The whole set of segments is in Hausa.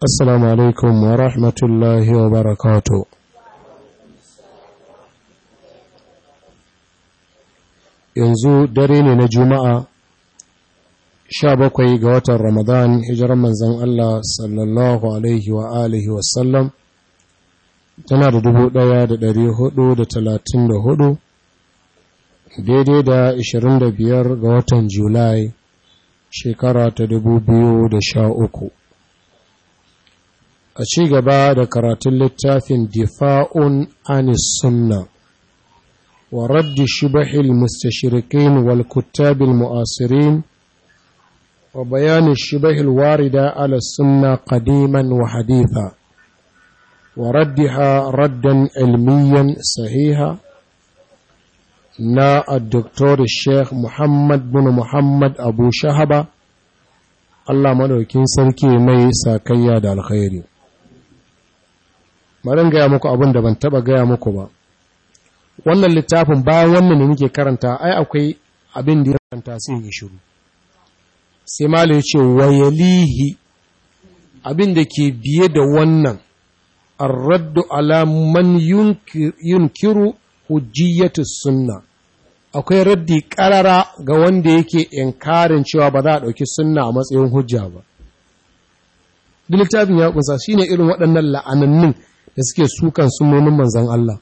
alaikum wa rahmatullahi wa وبركاته yanzu dare ne na juma'a sha bakwai ga watan ramadan hijirar manzan Allah sallallahu alaihi tana da dubu ɗaya da ɗari hudu da talatin da hudu daidai da ashirin biyar ga watan julai shekara ta dubu da sha uku a ci gaba da karatun littafin difa'un anis sunna wa raddi shubahil mustashirikin wal kuttabil mu'asirin wa bayanin shubahil warida ala sunna qadiman wa haditha wa raddiha raddan ilmiyan sahiha na addoktor sheikh muhammad bin muhammad abu shahaba allah maɗaukin sarki mai sakayya da alkhairi bari gaya muku abin da ban taba gaya muku ba wannan littafin bayan wannan ne muke karanta ai akwai abin da ya karanta sai ya shiru sai malu ya ce wayalihi abin da ke biye da wannan arraddu ala man yunkiru hujjiyatu sunna akwai raddi karara ga wanda yake inkarin cewa ba za a ɗauki sunna a matsayin hujja ba littafin ya kunsa shine irin waɗannan la'anannin da suke sukan sunonin manzan Allah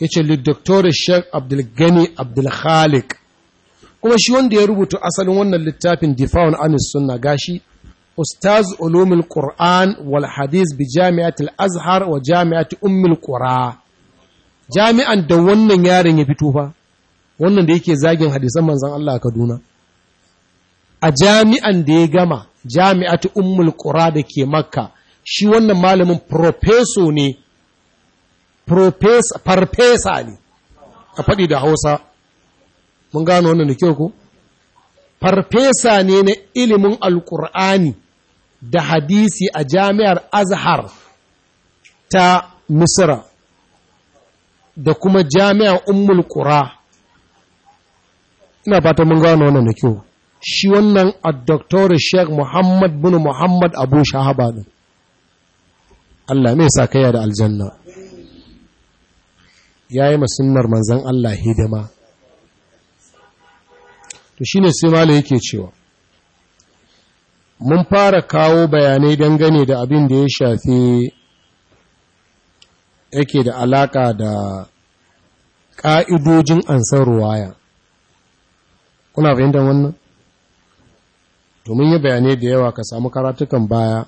ya ce abdul sheik abdulgani abdulkhalik kuma shi wanda ya rubuta asalin wannan littafin difa'un anis sunna gashi ustaz ulumul qur'an wal hadis bi jami'atul azhar wa jami'atul ummul qura jami'an da wannan yarin ya fito fa wannan da yake zagin hadisan manzan Allah Kaduna a jami'an da ya gama jami'atul ummul qura da ke makka shi wannan malamin profeso ne farfesa ne a faɗi da hausa mun gano wannan da kyau ku? farfesa ne na ilimin Alƙur'ani da hadisi a jami'ar azhar ta Misira da kuma jami'ar ummul qura ina fata mun gano wannan da kyau shi wannan a doktor sheikh muhammad bin muhammad abu shahaba Allah mai sa kaya da aljanna ya yi masunar manzan Allah hidima to shine sai mala yake cewa mun fara kawo bayanai dangane da abin da ya shafi yake da alaka da ƙa'idojin ansar ruwaya kuna fahimtar wannan domin yi bayanai da yawa ka samu karatukan baya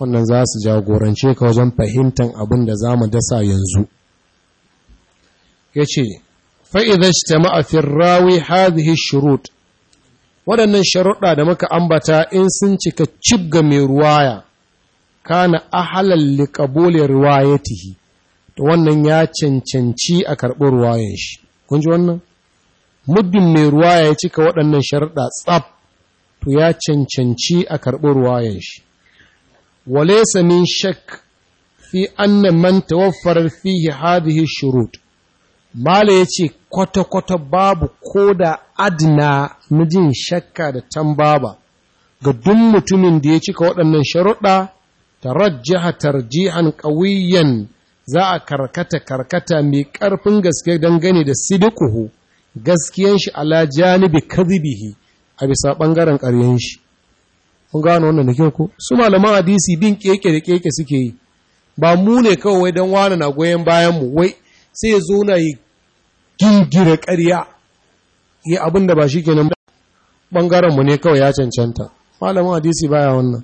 wannan za su jagorance ka wajen fahimtar abin da za mu dasa yanzu ya ce fa'iza shi ta ma'afin rawi hazihi shirut waɗannan sharuɗa da muka ambata in sun cika cibga mai ruwaya kana ahalar liƙabolin ruwayatihi to wannan ya cancanci a karɓi ruwayan shi kun ji wannan muddin mai ruwaya ya cika waɗannan sharuɗa tsab to ya cancanci a karɓi ruwayan shi وليس من شك fi annan man tawaffarar fihi hadhihi shurut mala yace kwata kwata babu koda adna na jin shakka da tambaba ga duk mutumin da ya cika waɗannan sharuɗa tarajjaha tarjihan qawiyan za a karkata karkata mai ƙarfin gaske dangane da sidiquhu gaskiyan shi ala janibi kadhibihi a bisa ɓangaren ƙaryen shi kun gano wannan da kyau ko su malaman hadisi bin keke da keke suke yi ba mu ne kawai don wani na goyen bayan mu wai sai ya zo na yi gingira ƙarya yi abin da ba shi kenan bangaren mu ne kawai ya cancanta malamin hadisi baya wannan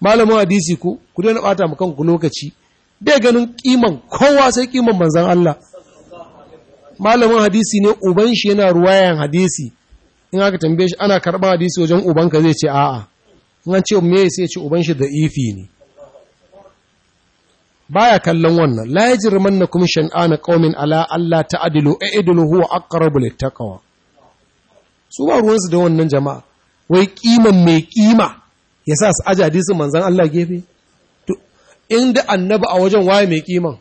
malamin hadisi ko ku daina bata mu kanku lokaci dai ganin kiman kowa sai kiman manzon Allah malamin hadisi ne uban shi yana ruwayan hadisi in aka tambaye shi ana karban hadisi wajen ubanka zai ce a'a wannan ce me sai ce uban shi da ifi ne baya kallon wannan la yajrimannakum shan'ana qaumin ala alla ta'dilu i'dilu huwa aqrabu littaqwa su ba ruwansu da wannan jama'a wai kiman mai kima yasa su ajadi su manzon Allah gefe to inda annabi a wajen waye mai kiman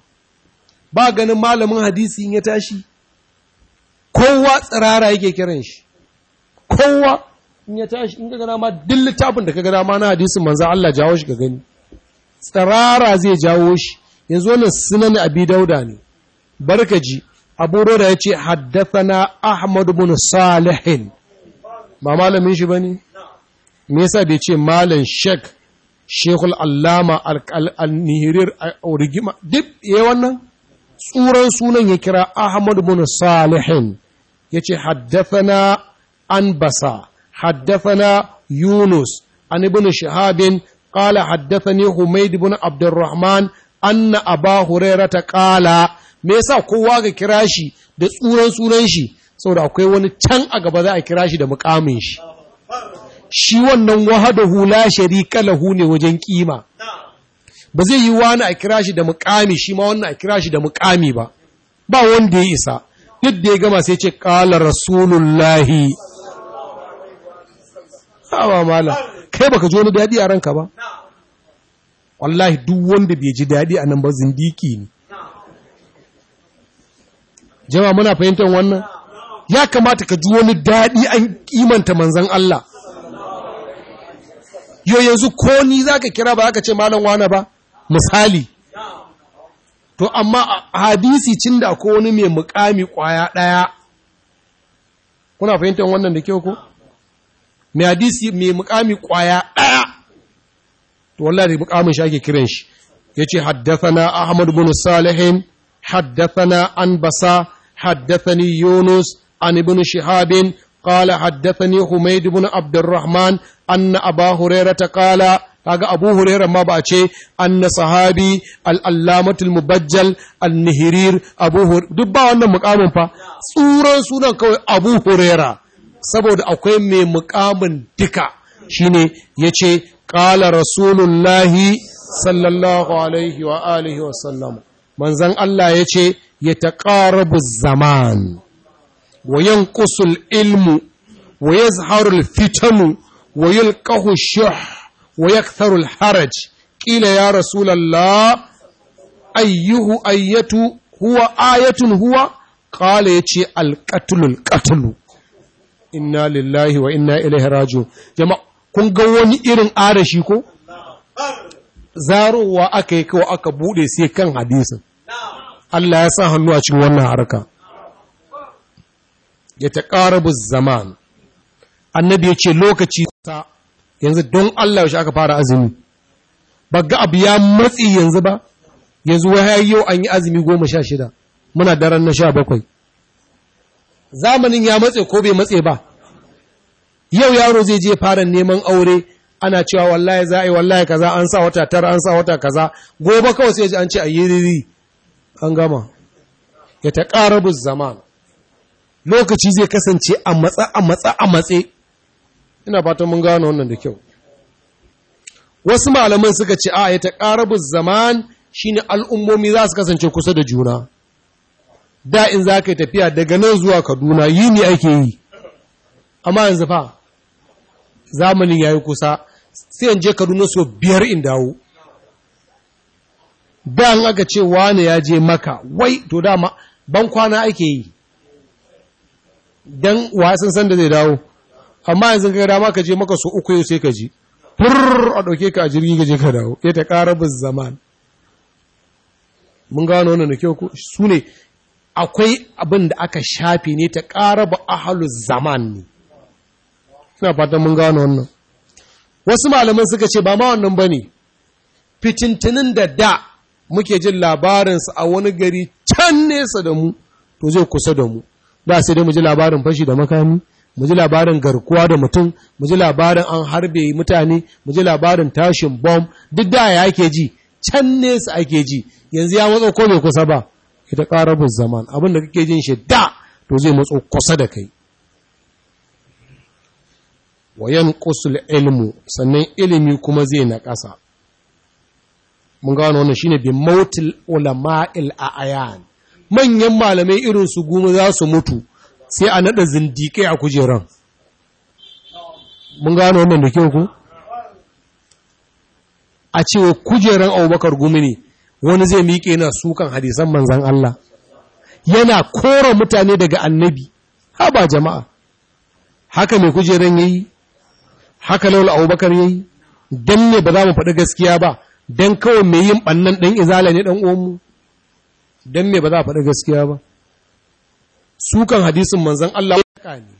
ba ganin malamin hadisi ya tashi kowa tsirara yake kiran shi kowa in ya tashi in ka gana ma duk littafin da ka gana ma na hadisin manzan Allah jawo shi ga gani tsirara zai jawo shi yanzu wannan sunan abi dauda ne barkaji abu roda ya ce haddathana ahmad bin salihin ba malamin shi bane me yasa bai ce malam shek shekul allama al-nihirir rigima duk ya wannan tsuran sunan ya kira ahmad bin salihin ya ce na an basa na Yunus عن ابن شهاب قال حدثني حميد بن عبد الرحمن أن أبا هريرة قال me yasa kowa ga kira shi da tsuran tsuran shi saboda akwai wani can a gaba za a kira shi da mukamin shi shi wannan hula la sharika lahu ne wajen kima ba zai yi wani a kira shi da mukami shima wannan a kira shi da mukami ba ba wanda ya isa duk da ya gama sai ce qala rasulullahi awa mala kai baka ji wani daɗi a ranka ba wallahi duk wanda bai ji daɗi a nan ba zindiki ne jama muna fahimtar wannan ya kamata ka ji wani daɗi an kimanta Manzon Allah yo yanzu ko ni zaka kira ba zaka ce malam wane ba misali to amma hadisi cinda da ko wani mai mukami kwaya ɗaya kuna fahimtar wannan da kyau ko mai hadisi mai mukami kwaya ɗaya to wallahi mukamin shi ake kiran shi Ya ce haddathana ahmad bin Salihin. haddathana anbasa haddathani yunus an ibn shihab قال حدثني حميد Abdurrahman, عبد الرحمن aba أبا هريرة kaga abu Hurera ma ba a ce anna sahabi al'allamatul mubajjal al-nihirir abu duk ba wannan mukamin fa tsuran sunan kawai abu huraira saboda akwai mai mukamin duka shine yace qala rasulullahi sallallahu alaihi wa alihi wa sallam manzon Allah yace yataqarabu zaman wa yanqusu ilmu wa yazharu fitanu wa yulqahu shuh wa yaktharu haraj, ƙila ya rasulullah ayyuhu ayatu huwa ayatun huwa qala yace alqatlu alqatlu inna lillahi wa inna ilaihi raji'un jama kun ga wani irin arashi ko zarowa aka yi kawai aka bude sai kan hadisin Allah ya sa hannu a cikin wannan harka ya taqarabu zaman annabi ya ce lokaci ta yanzu don Allah shi aka fara azumi ba ga abu ya matsi yanzu ba yanzu wai yau an yi azumi goma sha shida muna daren na sha bakwai zamanin ya matse ko bai matse ba yau yaro zai je fara neman aure ana cewa wallahi za a yi wallahi kaza an sa wata tara an sa wata kaza gobe kawai sai ji an ce a yi riri an gama ya ta ƙarabin zaman lokaci zai kasance a matsa a matsa a matse ina fatan mun gano wannan da kyau wasu malaman suka ce a ya ta ƙarabin zaman shine al'ummomi za su kasance kusa da juna da in za ka tafiya daga nan zuwa kaduna yi ne ake yi amma yanzu fa zamanin ya yi kusa sai in je kaduna so biyar in dawo da aka ce wane ya je maka wai to dama ban kwana ake yi don wasan san zai dawo amma yanzu ka dama ka je maka so uku yau sai ka ji furr a ɗauke ka a jirgi ka je ka dawo ya ta ƙara zaman mun gano wannan da kyau su ne akwai abin da aka shafi ne ta ƙara ba a halu zaman ne ina fatan mun gano wannan wasu malaman suka ce ba ma wannan ba ne fitintinin da da muke jin labarinsu a wani gari can nesa da mu to zai kusa da mu da sai dai mu ji labarin fashi da makami mu ji labarin garkuwa da mutum mu ji labarin an harbe mutane mu ji labarin tashin bom duk da ya ake ji can nesa ake ji yanzu ya matsa ko bai kusa ba ita ƙarabar zaman abin da kake jin shi da to zai matso kusa da kai wayan kusul ilmu sannan ilimi kuma zai na ƙasa mun gano wannan shine bi mautil ulama'il a'yan manyan malamai irin su goma za su mutu sai a nada zindikai a kujeran mun gano wannan da kyau ku a cewa kujeran Abubakar gumi ne wani zai miƙe na sukan hadisan manzan Allah yana kora mutane daga annabi haba jama'a haka mai kujeran yayi haka laul abubakar yayi dan ne ba za mu faɗi gaskiya ba dan kawai mai yin bannan ɗan izala ne dan uwanmu dan me ba za a faɗi gaskiya ba sukan hadisin manzan Allah ne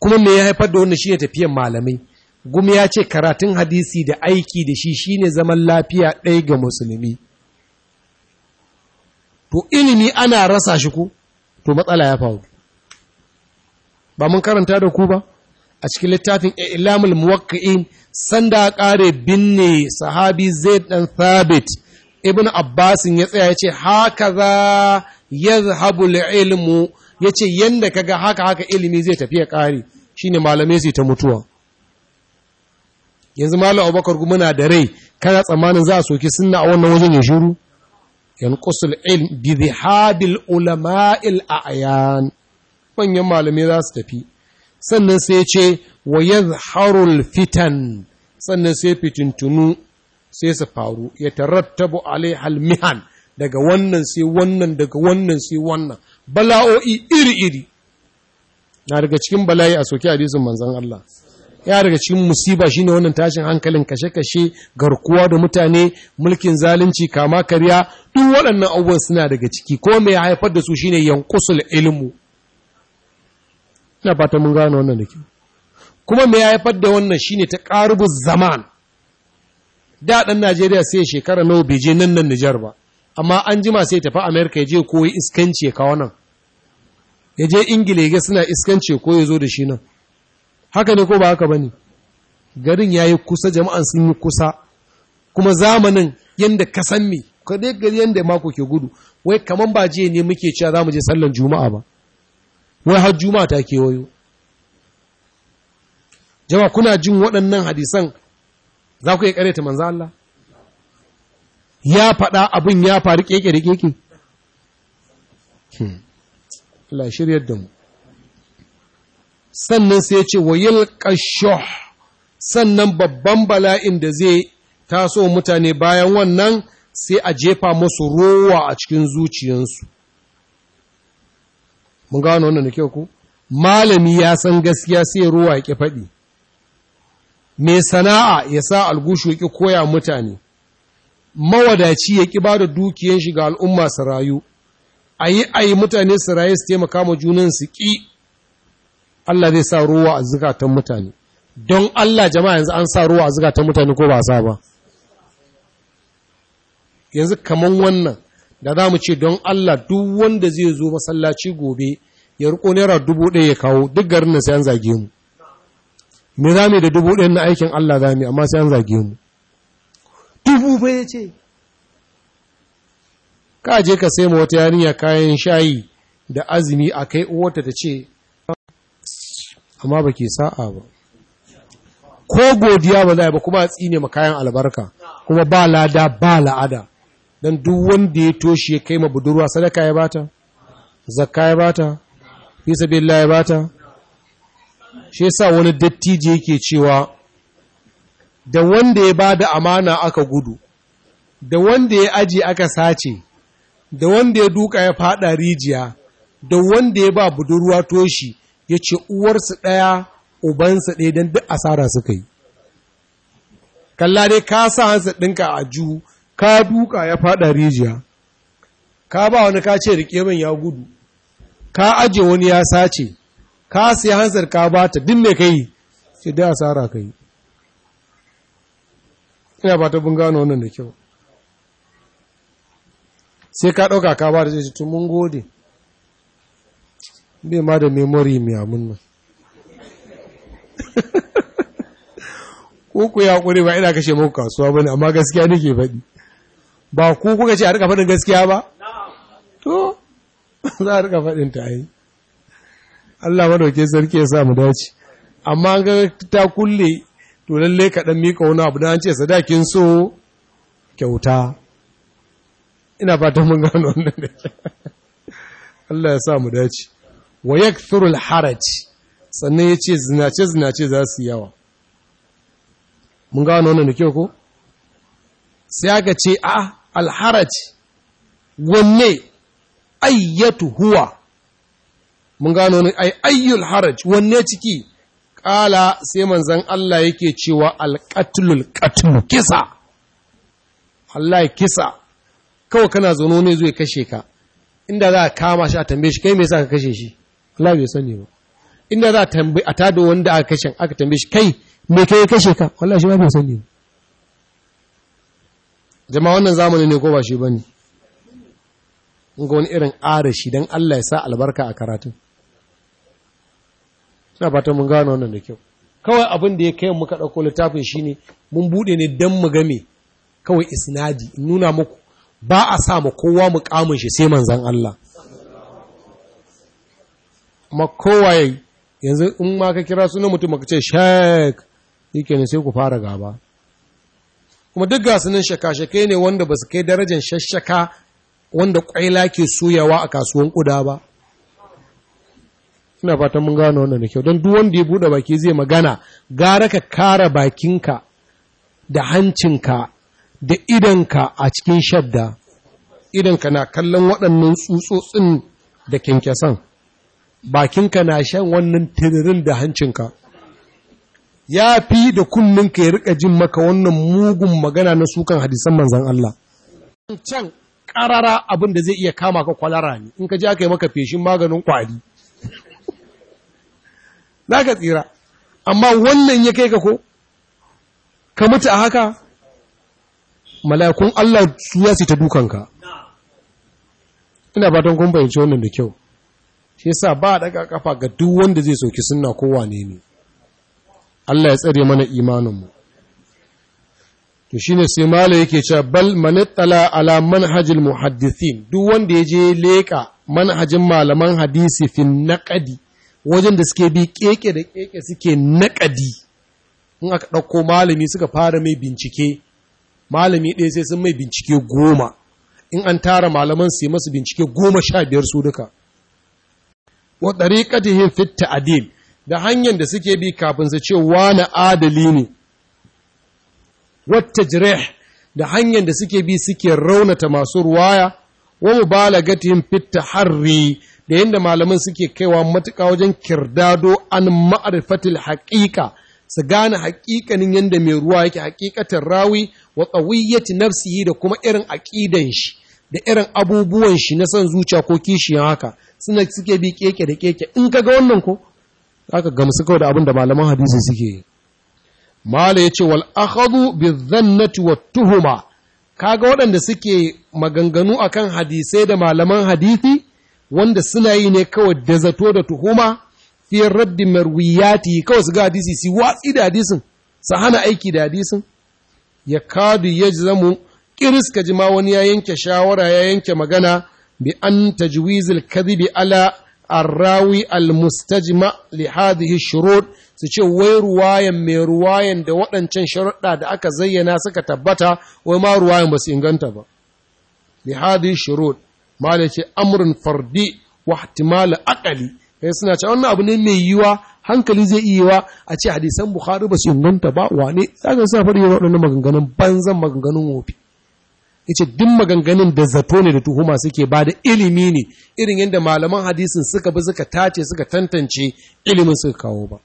kuma me ya haifar da wannan shine tafiyan malamai gumi ya ce karatun hadisi da aiki da shi shine zaman lafiya ɗaya ga musulmi to ilimi ana rasa shi ko to matsala ya faru ba mun karanta da ku ba a cikin littafin ilamul muwakki'in sanda kare binne sahabi zaid dan thabit ibnu Abbas ya tsaya ya ce haka za zhabu ilmu ya ce yadda kaga haka haka ilimi zai tafi ya ƙari shine malamai su ta mutuwa yanzu malam abubakar muna da rai kana tsammanin za a soke suna a wannan wajen ya shiru Yankusul ilm bi dhihabil ulama'il a'yan manyan malamai za su tafi sannan sai ce wa harul fitan sannan sai fitintunu sai su faru ya tarattabu alai halmihan, daga wannan sai wannan daga wannan sai wannan bala'o'i iri-iri na daga cikin bala'i a soke hadisin manzan Allah ya daga cikin musiba shi ne wannan tashin hankalin kashe-kashe garkuwa da mutane mulkin zalunci kama karya duk waɗannan abubuwan suna daga ciki ko mai haifar da su shi ne yankusul ilmu ina fata mun gano wannan da ke kuma mai haifar da wannan shi ne ta ƙarubu zaman da dan Najeriya sai shekara nawa bai je nan nan Nijar ba amma an jima sai tafi Amerika ya je koyi iskanci ya kawo nan ya je Ingila ya ga suna iskanci ko ya zo da shi nan haka ne ko ba haka bane garin yayi kusa jama'an sun yi kusa kuma zamanin yanda ka san me dai gari yanda mako ke gudu wai kaman ba je ne muke cewa zamu je sallan juma'a ba wai har juma'a ta kewayo jama kuna jin waɗannan hadisan za ku iya ƙareta manzo Allah ya faɗa abin ya faru keke da keke hmm. Allah shiryar da mu sannan sai ya ce wa yulqa sannan babban bala'in da zai taso mutane bayan wannan sai a jefa musu rowa a cikin zuciyansu mun gano wannan da kyau ku malami ya san gaskiya sai ruwa ya ƙi faɗi mai sana'a ya sa algushu ya ƙi koya mutane mawadaci ya ƙi ba da dukiyan shiga al'umma su rayu a yi a mutane su rayu su taimaka ma junan su ƙi Allah zai sa ruwa a zukatan mutane don Allah jama'a yanzu an sa ruwa a zukatan mutane ko ba sa ba yanzu kaman wannan da za mu ce don Allah duk wanda zai zo masallaci gobe ya riko naira dubu ɗaya ya kawo duk garin na sai an zage mu me za mu da dubu ɗaya na aikin Allah za mu amma sai an zage mu dubu ba ya ce ka je ka sai ma wata yarinya kayan shayi da azumi a kai uwarta ta ce amma ba ke sa'a ba ko godiya ba za ba kuma a tsine makayan albarka kuma ba lada ba la'ada don duk wanda ya toshe ya kai ma budurwa sadaka ya bata zakka ya bata fi sabilillah ya bata shi sa wani dattijo yake cewa da wanda ya bada amana aka gudu da wanda ya aji aka sace da wanda ya duka ya fada rijiya da wanda ya ba budurwa toshi ya ce uwarsu ɗaya ubansa ɗaya don duk asara suka yi kalla dai ka sa hansa ɗinka a ju ka duka ya faɗa rijiya ka ba wani ka ce rike min ya gudu ka aje wani ya sace ka sai hansar ka ba ta duk me kai ce dai asara kai ina ba ta gano wannan da kyau sai ka ɗauka ka ba da ce mun gode bai ma da memory mai amin nan ko ku ya kure ba ina kashe muku kasuwa bane amma gaskiya nake faɗi ba ku kuka ce a rika faɗin gaskiya ba to za a rika faɗin ta yi Allah madauke sarki ya sa mu dace amma ga ta kulle to lalle ka dan mika wani abu dan ce sadakin so kyauta ina fatan mun gano wannan da Allah ya sa mu dace wa yakthurul haraj sannan ya ce zinace zinace za su yawa mun ga wannan da kyau ko sai aka ce a alharaj wanne ayyatu huwa mun gano wani ai ayyul haraj wanne ciki kala sai manzan Allah yake cewa alqatlul qatl kisa Allah kisa kawai kana zono ne zai kashe ka inda za a kama shi a tambaye shi kai me yasa ka kashe shi Allah bai sani ba inda za a tambayi a tada wanda aka kashe aka tambayi shi kai me kai kashe ka wallahi shi ma bai sani ba jama'a wannan zamani ne ko ba shi bane in ga wani irin arashi dan Allah ya sa albarka a karatu na fatan mun gano wannan da kyau kawai abin da ya kai muka ɗauko littafin ne mun buɗe ne dan mu game kawai isnadi in nuna muku ba a sa ma kowa kamun shi sai manzan Allah ma yanzu in ma ka kira sunan mutum ka ce shek yake sai ku fara gaba kuma duk gasunan shaka-shakai ne wanda ba su kai darajar shashaka wanda kwaila ke soyawa a kasuwan kuda ba ina fatan mun gano wannan da kyau don duk wanda ya buɗe baki zai magana gara ka kara bakinka da hancinka da idanka a cikin shadda idanka na kallon waɗannan tsutsotsin da kyankyasan bakinka na shan wannan tiririn da hancinka ya fi da ka ya rika jin maka wannan mugun magana na sukan hadisan manzan Allah can ƙarara abin da zai iya kama ka kwalara ne in ka ji aka yi maka feshin maganin kwari za ka tsira amma wannan ya kai ka ko ka mutu a haka mala'ikun Allah su yasi ta dukanka ina fatan kun bayyance wannan da kyau shi sa ba a daga kafa ga duk wanda zai soki sunna ko wane ne Allah ya tsare mana imaninmu to shine sai mala yake cewa bal manittala ala manhajil muhaddithin duk wanda ya je leka manhajin malaman hadisi fin naƙadi wajen da suke bi keke da keke suke naƙadi, in aka ɗauko malami suka fara mai bincike malami ɗaya sai sun mai bincike goma in an tara malaman sai masu bincike goma sha biyar su duka wa tariqatihi fit adin da hanyar da suke bi kafin su ce wani adali ne wata jireh, da hanyar da suke bi suke raunata masu ruwaya wa mu mubalagatin fitta harri da yadda malaman suke kaiwa matuka wajen kirdado an ma'arifatil haƙiƙa su gane haƙiƙanin yadda mai ruwa yake haƙiƙatar rawi wa tsawiyyati nafsihi da kuma irin aƙidan shi da irin abubuwan shi na son zuciya ko kishiyan haka suna suke bi keke da keke in ka ga wannan ko zaka gamsu kawai da abin da malaman hadisi suke yi mala yace wal akhadhu bi dhannati wat tuhuma kaga waɗanda suke maganganu akan hadisai da malaman hadisi wanda suna yi ne kawai da zato da tuhuma fi raddi marwiyati kawai su ga hadisi su watsi da hadisin su hana aiki da hadisin ya kadu ya zamu kiris ka wani ya yanke shawara ya yanke magana bi an tajwizil kadhibi ala arrawi almustajma li hadhihi su ce wai ruwayan mai ruwayan da waɗancan sharuɗa da aka zayyana suka tabbata wai ma ruwayan ba su inganta ba li hadhihi shurut mala ce amrun fardi wa ihtimal aqali kai eh, suna cewa wannan abu ne mai yiwa hankali zai iya yiwa a ce hadisan bukhari ba su inganta ba wane zaka sa fari waɗannan maganganun banzan maganganun wofi yace duk maganganun da zato ne da tuhuma suke ba da ilimi ne irin yadda malaman hadisin suka bi suka tace suka tantance ilimin suka kawo ba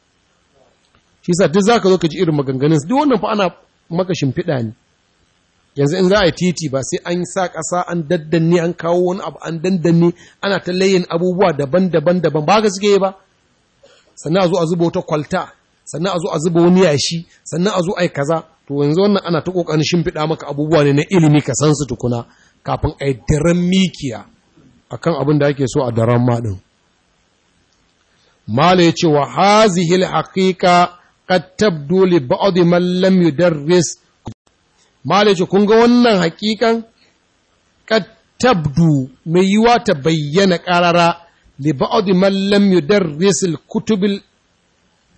shi yasa duk zaka zo ka ji irin maganganun duk wannan fa ana maka shimfiɗa ne yanzu in za a yi titi ba sai an sa ƙasa an daddanne an kawo wani abu an daddanne ana ta layin abubuwa daban-daban daban ba ga suke ba sannan a zo a zuba wata kwalta sannan a zo a zuba wani yashi sannan a zo a yi kaza to yanzu wannan ana ta kokarin shimfiɗa maka abubuwa ne na ilimi ka san su tukuna kafin a yi daren mikiya a kan abin da ake so a daren ma din ya ce wa hazihi alhaqiqa qad tabdu li ba'd man lam yudarris mala kun ga wannan haƙiƙan ƙattab du mai yiwa ta bayyana ƙarara li mallam man lam yudarris alkutub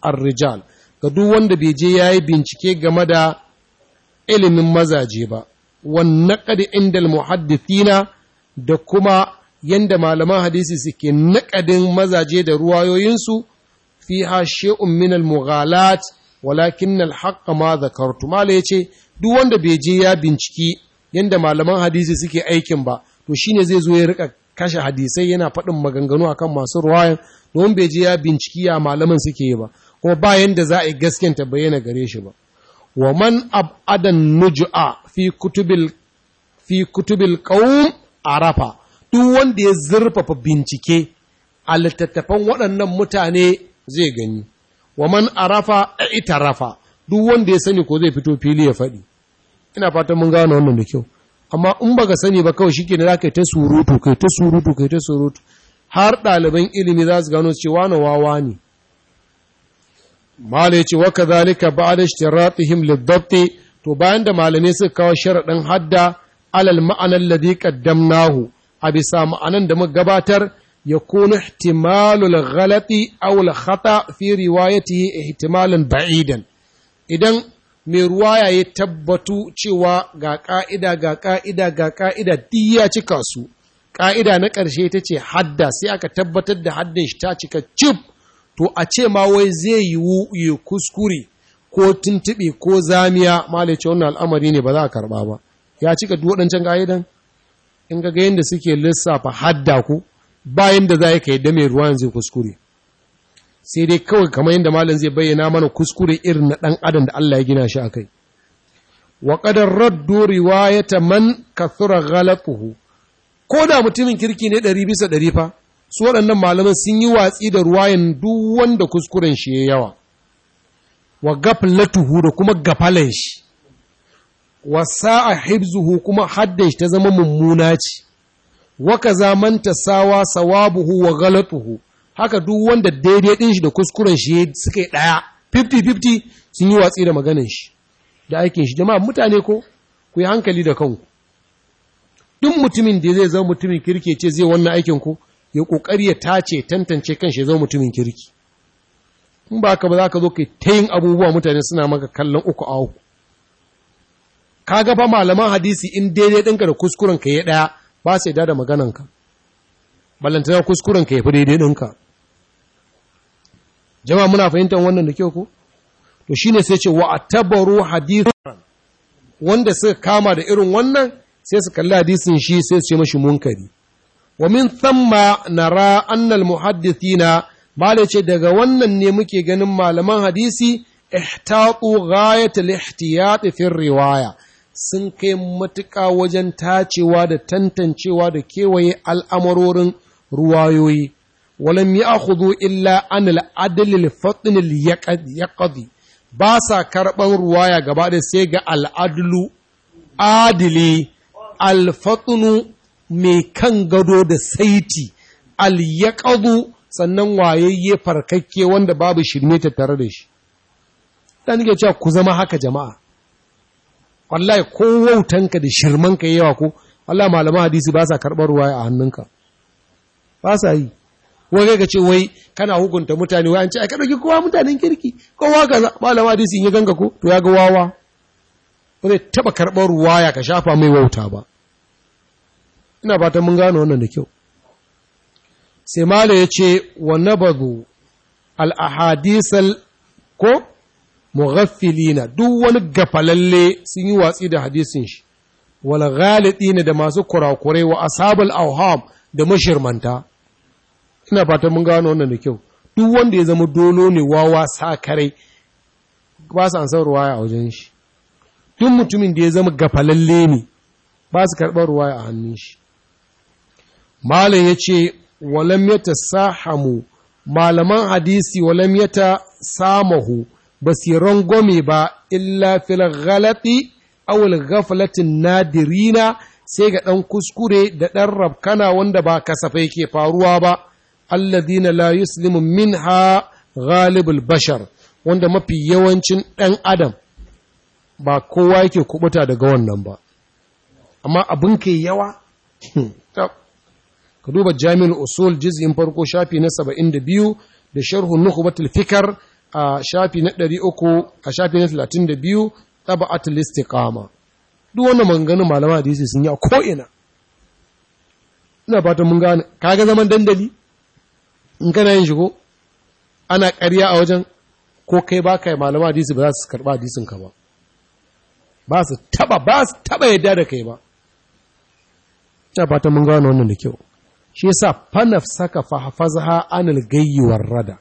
arrijal ga duk wanda bai je yayi bincike game da ilimin mazaje ba wan naqd indal muhaddithina da kuma yanda malaman hadisi suke naqadin mazaje da ruwayoyinsu fiha shay'un min al mughalat walakin al haqq ma dhakartu mala ce, duk wanda bai je ya binciki yanda malaman hadisi suke aikin ba to shi ne zai zo ya rika kashe hadisai yana faɗin maganganu akan masu ruwayan don bai je ya binciki ya malaman suke yi ba kuma ba yadda za a yi gasken ta bayyana gare shi ba wa man abadan nujua fi kutubil fi a rafa, arafa duk wanda ya zurfafa bincike a littattafan waɗannan mutane zai gani wa man arafa rafa, duk wanda ya sani ko zai fito fili ya faɗi ina fatan mun gano wannan da kyau amma in baka sani ba kawai za zaka yi ta surutu kai ta surutu kai ta surutu har ɗaliban ilimi za su gano cewa na wawa ne mala yace wa zalika ba'da ishtiratihim lid-dabt to bayan da malamai suka kawo sharaɗin hadda alal ma'anar ladi qaddamnahu a bisa ma'anan da muka gabatar يكون احتمال الغلط أو الخطأ في روايته احتمالا ba'idan. Idan mai ruwaya ya tabbatu cewa ga ƙa'ida ga ƙa'ida ga ƙa'ida duk ya cika su ƙa'ida na ƙarshe ta ce hadda sai aka tabbatar da haddan shi ta cika cib. to a ce ma wai zai yi ya kuskure ko tuntuɓe ko zamiya malice wannan al'amari ne ba za a karɓa ba ya cika duk waɗancan ga'idan in ga yadda suke lissafa hadda ku bayan da za ka yi dame ruwan zai kuskure sai dai kawai kamar yadda malam zai bayyana mana kuskure irin na ɗan adam da Allah ya gina shi a kai wa ya taman riwayata man kathura ghalatuhu ko da mutumin kirki ne ɗari bisa ɗari fa su waɗannan malaman sun yi watsi da ruwayan duk wanda kuskuren shi ya yawa wa gaflatuhu da kuma gafalan shi wa sa'a hibzuhu kuma haddan shi ta zama mummuna ce wa zamanta sawa sawa sawabuhu wa ghalatuhu haka duk wanda daidai din shi da kuskuren shi suka yi daya 50-50 sun yi watsi da maganin shi da aikin shi jama'a mutane ko ku yi hankali da kanku duk mutumin da zai zama mutumin kirke ce zai wannan aikin ku ya kokari ya tace tantance kan shi zo mutumin kirki in ba ka ba za ka zo kai ta yin abubuwa mutane suna maka kallon uku a uku ka ga fa malaman hadisi in daidai ɗinka da kuskuren ka ya ɗaya ba sai da maganan ka ballantana kuskuren ka ya fi daidai ɗinka jama'a muna fahimtar wannan da kyau ko to shine sai ce wa atabaru hadithan wanda suka kama da irin wannan sai su kalli hadisin shi sai su ce mashi munkari wa min thamma nara annal muhaddithina bale ce daga wannan ne muke ganin malaman hadisi ihtatu ghayat al-ihtiyat fi riwaya sun kai matuƙa wajen tacewa da tantancewa da kewaye al'amarorin ruwayoyi walam ya'khudhu illa an al-adl al al-yaqdi ba sa karɓan ruwaya gaba da sai ga al'adlu adili alfatunu mai kan gado da saiti al sannan wayayye farkakke wanda babu shirme tattare da shi dan nike cewa ku zama haka jama'a wallahi ko wautanka da shirmanka yawa ko wallahi malaman hadisi ba sa karɓar ruwa a hannunka ba sa yi wai ga ce wai kana hukunta mutane wai an ce ai ka dauki kowa mutanen kirki kowa ga malaman hadisi in ya ganga ko to ya ga wawa ba zai karɓar ruwa ya ka shafa mai wauta ba ina ba ta mun gano wannan da kyau sai mala ya ce wa nabadu al'ahadisal ko mughaffilina duk wani gafalalle sun yi watsi da hadisin shi wal ghalidina da masu kurakurai wa ashabul awham da mashirmanta ina fatan mun gano wannan da kyau duk wanda ya zama dolo ne wawa sakarai ba su an san ruwaya a wajen shi duk mutumin da ya zama gafalalle ne ba su karɓar ruwaya a hannun shi malam ya ce walam ya sahamu malaman hadisi walam ya ta samahu ba su rangwame ba illa fil ghalati awul ghaflatin nadirina sai ga ɗan kuskure da ɗan rabkana wanda ba kasafai ke faruwa ba alladina la yuslimu minha ghalibul bashar wanda mafi yawancin ɗan adam ba kowa yake kubuta daga wannan ba amma abin ke yawa ka duba jami'ul usul jizgin farko shafi na 72 da sharhu nukhbatul fikar a shafi na 300 a shafi na 32 tab'atul kama duk wannan mangani malama yasi sun yi a ko'ina ina fatan mun gane kaga zaman dandali in kana yin shigo ana ƙarya a wajen ko kai ba ka yi malama hadisi ba za su karɓa disin ka ba ba su taba ba su taba yadda da kai ba ina fatan mun gane wannan da kyau shi yasa fanaf saka fahfazha anil gayyi rada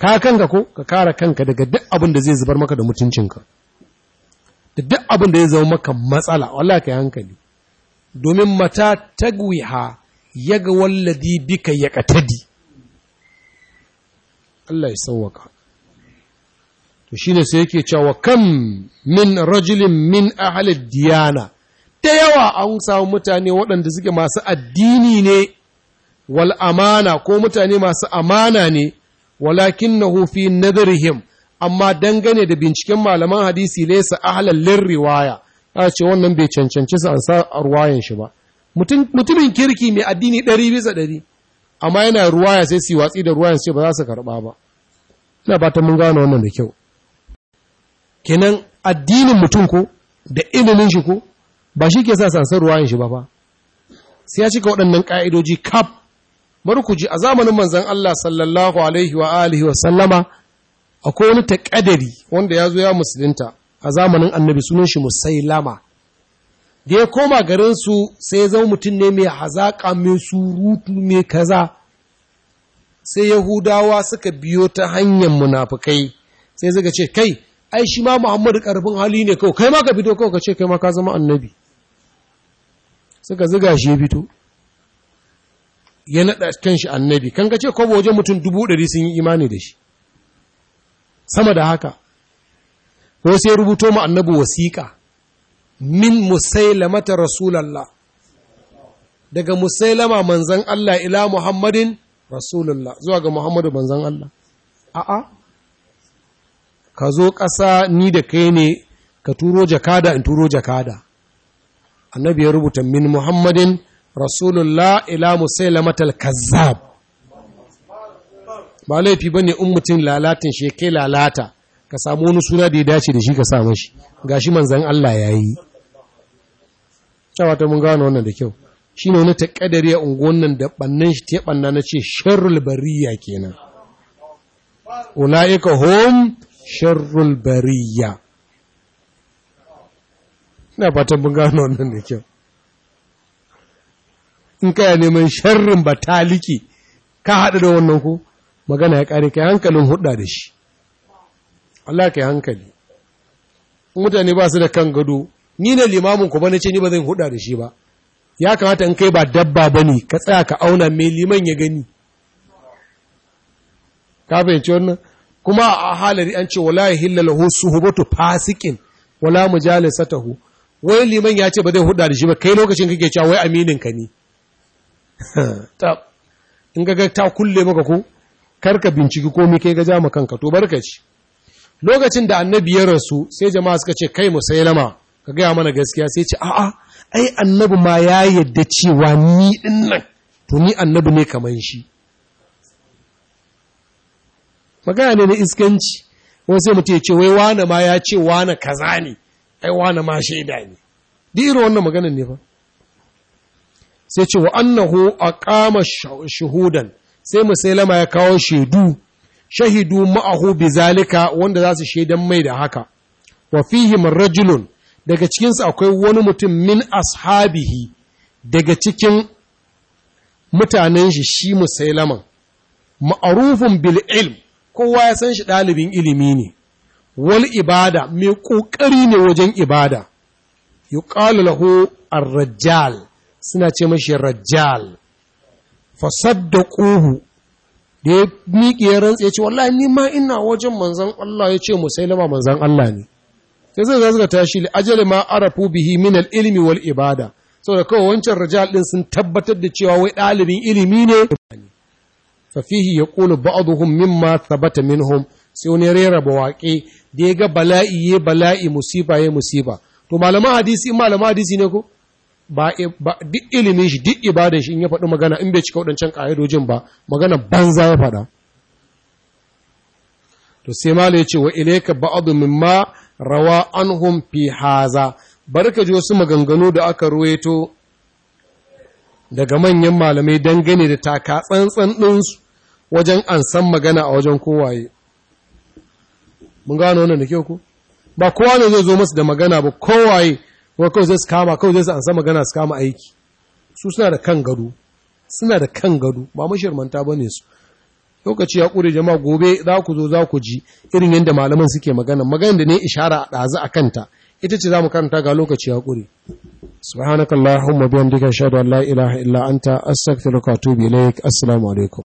ka kanka ko ka kare kanka daga duk abin da zai zubar maka da mutuncinka da duk abin da ya zama maka matsala wallahi kai hankali domin mata tagwiha yaga walladi bika yaqtadi Allah ya sauwaka to shine sai yake cewa kam min rajulin min ahli diyana da yawa an samu mutane waɗanda suke masu addini ne wal amana ko mutane masu amana ne walakin na fi nadarihim amma dangane da binciken malaman hadisi laisa halallin riwaya ta ce wannan bai cancanci su an sa a ruwayan shi ba mutumin kirki mai addini ɗari bisa ɗari amma yana ruwaya sai su yi watsi da ruwayan sai ba za su karɓa ba ina ta mun gane wannan da kyau kenan addinin mutum ko da ilimin shi ko ba shi ke sa sansan ruwayan shi ba fa sai ya cika waɗannan ƙa'idoji kaf bari a zamanin manzon Allah sallallahu alaihi wa alihi wa sallama akwai wani taƙadari wanda ya zo ya musulunta a zamanin annabi sunan shi musailama da ya koma garinsu sai ya zama mutum ne mai hazaƙa mai surutu mai kaza sai yahudawa suka biyo ta hanyar munafukai sai suka ce kai ai shi ma muhammadu ƙarfin hali ne kawai kai ma ka fito kawai ka ce kai ma ka zama annabi suka ziga shi ya fito ya naɗa kanshi annabi kan ce kwabo wajen mutum dubu ɗari sun yi imani da shi sama da haka ko sai rubuto mu annabi wasiƙa min musailamata rasulallah daga musailama manzan Allah ila muhammadin rasulallah zuwa ga muhammadu manzan Allah a'a ka zo ƙasa ni da kai ne ka turo jakada in turo jakada annabi ya rubuta min muhammadin rasulullah ila musailamatal kazzab ba laifi bane in mutum lalatin shi kai lalata ka samu wani suna da ya dace da shi ka sa mashi gashi manzan Allah yayi cewa mun gano wannan da kyau shine wani takaddari a unguwan nan da bannan shi te banna na ce sharrul bariya kenan ulaika hum sharrul bariya ina fatan mun gano wannan da kyau in kaya neman sharrin bataliki ka haɗu da wannan ko magana ya ƙare kai hankalin hudda da shi Allah kai hankali mutane ba su da kan gado ni ne limamin ku ba bane ce ni ba zan hudda da shi ba ya kamata in kai ba dabba ba ne, ka tsaya ka auna me liman ya gani ka fahimci wannan kuma a halari an ce wala yahilla lahu suhbatu fasikin wala mujalisatahu wai liman ya ce ba zai hudda da shi ba kai lokacin kake cewa wai aminin ka ne in ga ta kulle maka ko karka binciki komai kai ga ja ma kanka to barkaci lokacin da annabi ya rasu sai jama'a suka ce kai mu musailama ka gaya mana gaskiya sai ce a'a ai annabi ma ya yadda cewa ni din nan to ni annabi ne kaman shi magana ne na iskanci wani sai mutum ya ce wai wane ma ya ce wane kaza ne ai wane ma shaida ne duk irin wannan maganar ne fa sai ce wa annahu aqama shahudan sai musailama ya kawo shaidu shahidu ma'ahu bizalika wanda za su shaidan mai da haka wa himar rajulun daga cikinsu akwai wani mutum min ashabihi daga cikin mutanen shi shi musailaman ma'arufin bil ilm kowa ya san shi ɗalibin ilimi ne wal ibada mai ƙoƙari ne wajen ibada yuqalu lahu ar-rajjal suna ce mashi rajal, fasad da ya miƙe ya rantsa ya ce wallahi ni ma ina wajen manzon Allah ya ce musailama manzon Allah ne sai zai zaka tashi li ajali ma arafu bihi min al wal ibada saboda kawai wancan rajal din sun tabbatar da cewa wai ɗalibin ilimi ne fa fihi yaqulu ba'dhum mimma thabata minhum sai wani rera bawaƙe da ya ga bala'i ya bala'i musiba ya musiba to malaman hadisi malaman hadisi ne ko ba duk ilimin shi duk ibadan shi in ya faɗi magana in bai cika waɗancan ƙa'idojin ba magana banza ya faɗa to sai ya ce wa ilayka ba'adu mimma rawa anhum fi haza barka ji wasu maganganu da aka ruwaito daga manyan malamai dangane da taka tsantsan ɗinsu wajen an san magana a wajen kowaye mun gano wannan da kyau ku ba kowa ne zai zo masu da magana ba kowaye kuma kawai zai su kama kawai zai su ansa magana su kama aiki su suna da kan gado suna da kan gado ba mashirmanta ba ne su lokaci ya jama'a gobe za ku zo za ku ji irin yadda malaman suke magana magana da ne ishara a ɗazu a kanta ita ce za mu karanta ga lokaci ya ƙure subhanakallahumma bihamdika ashhadu an la ilaha illa anta astaghfiruka wa atubu ilaik assalamu alaikum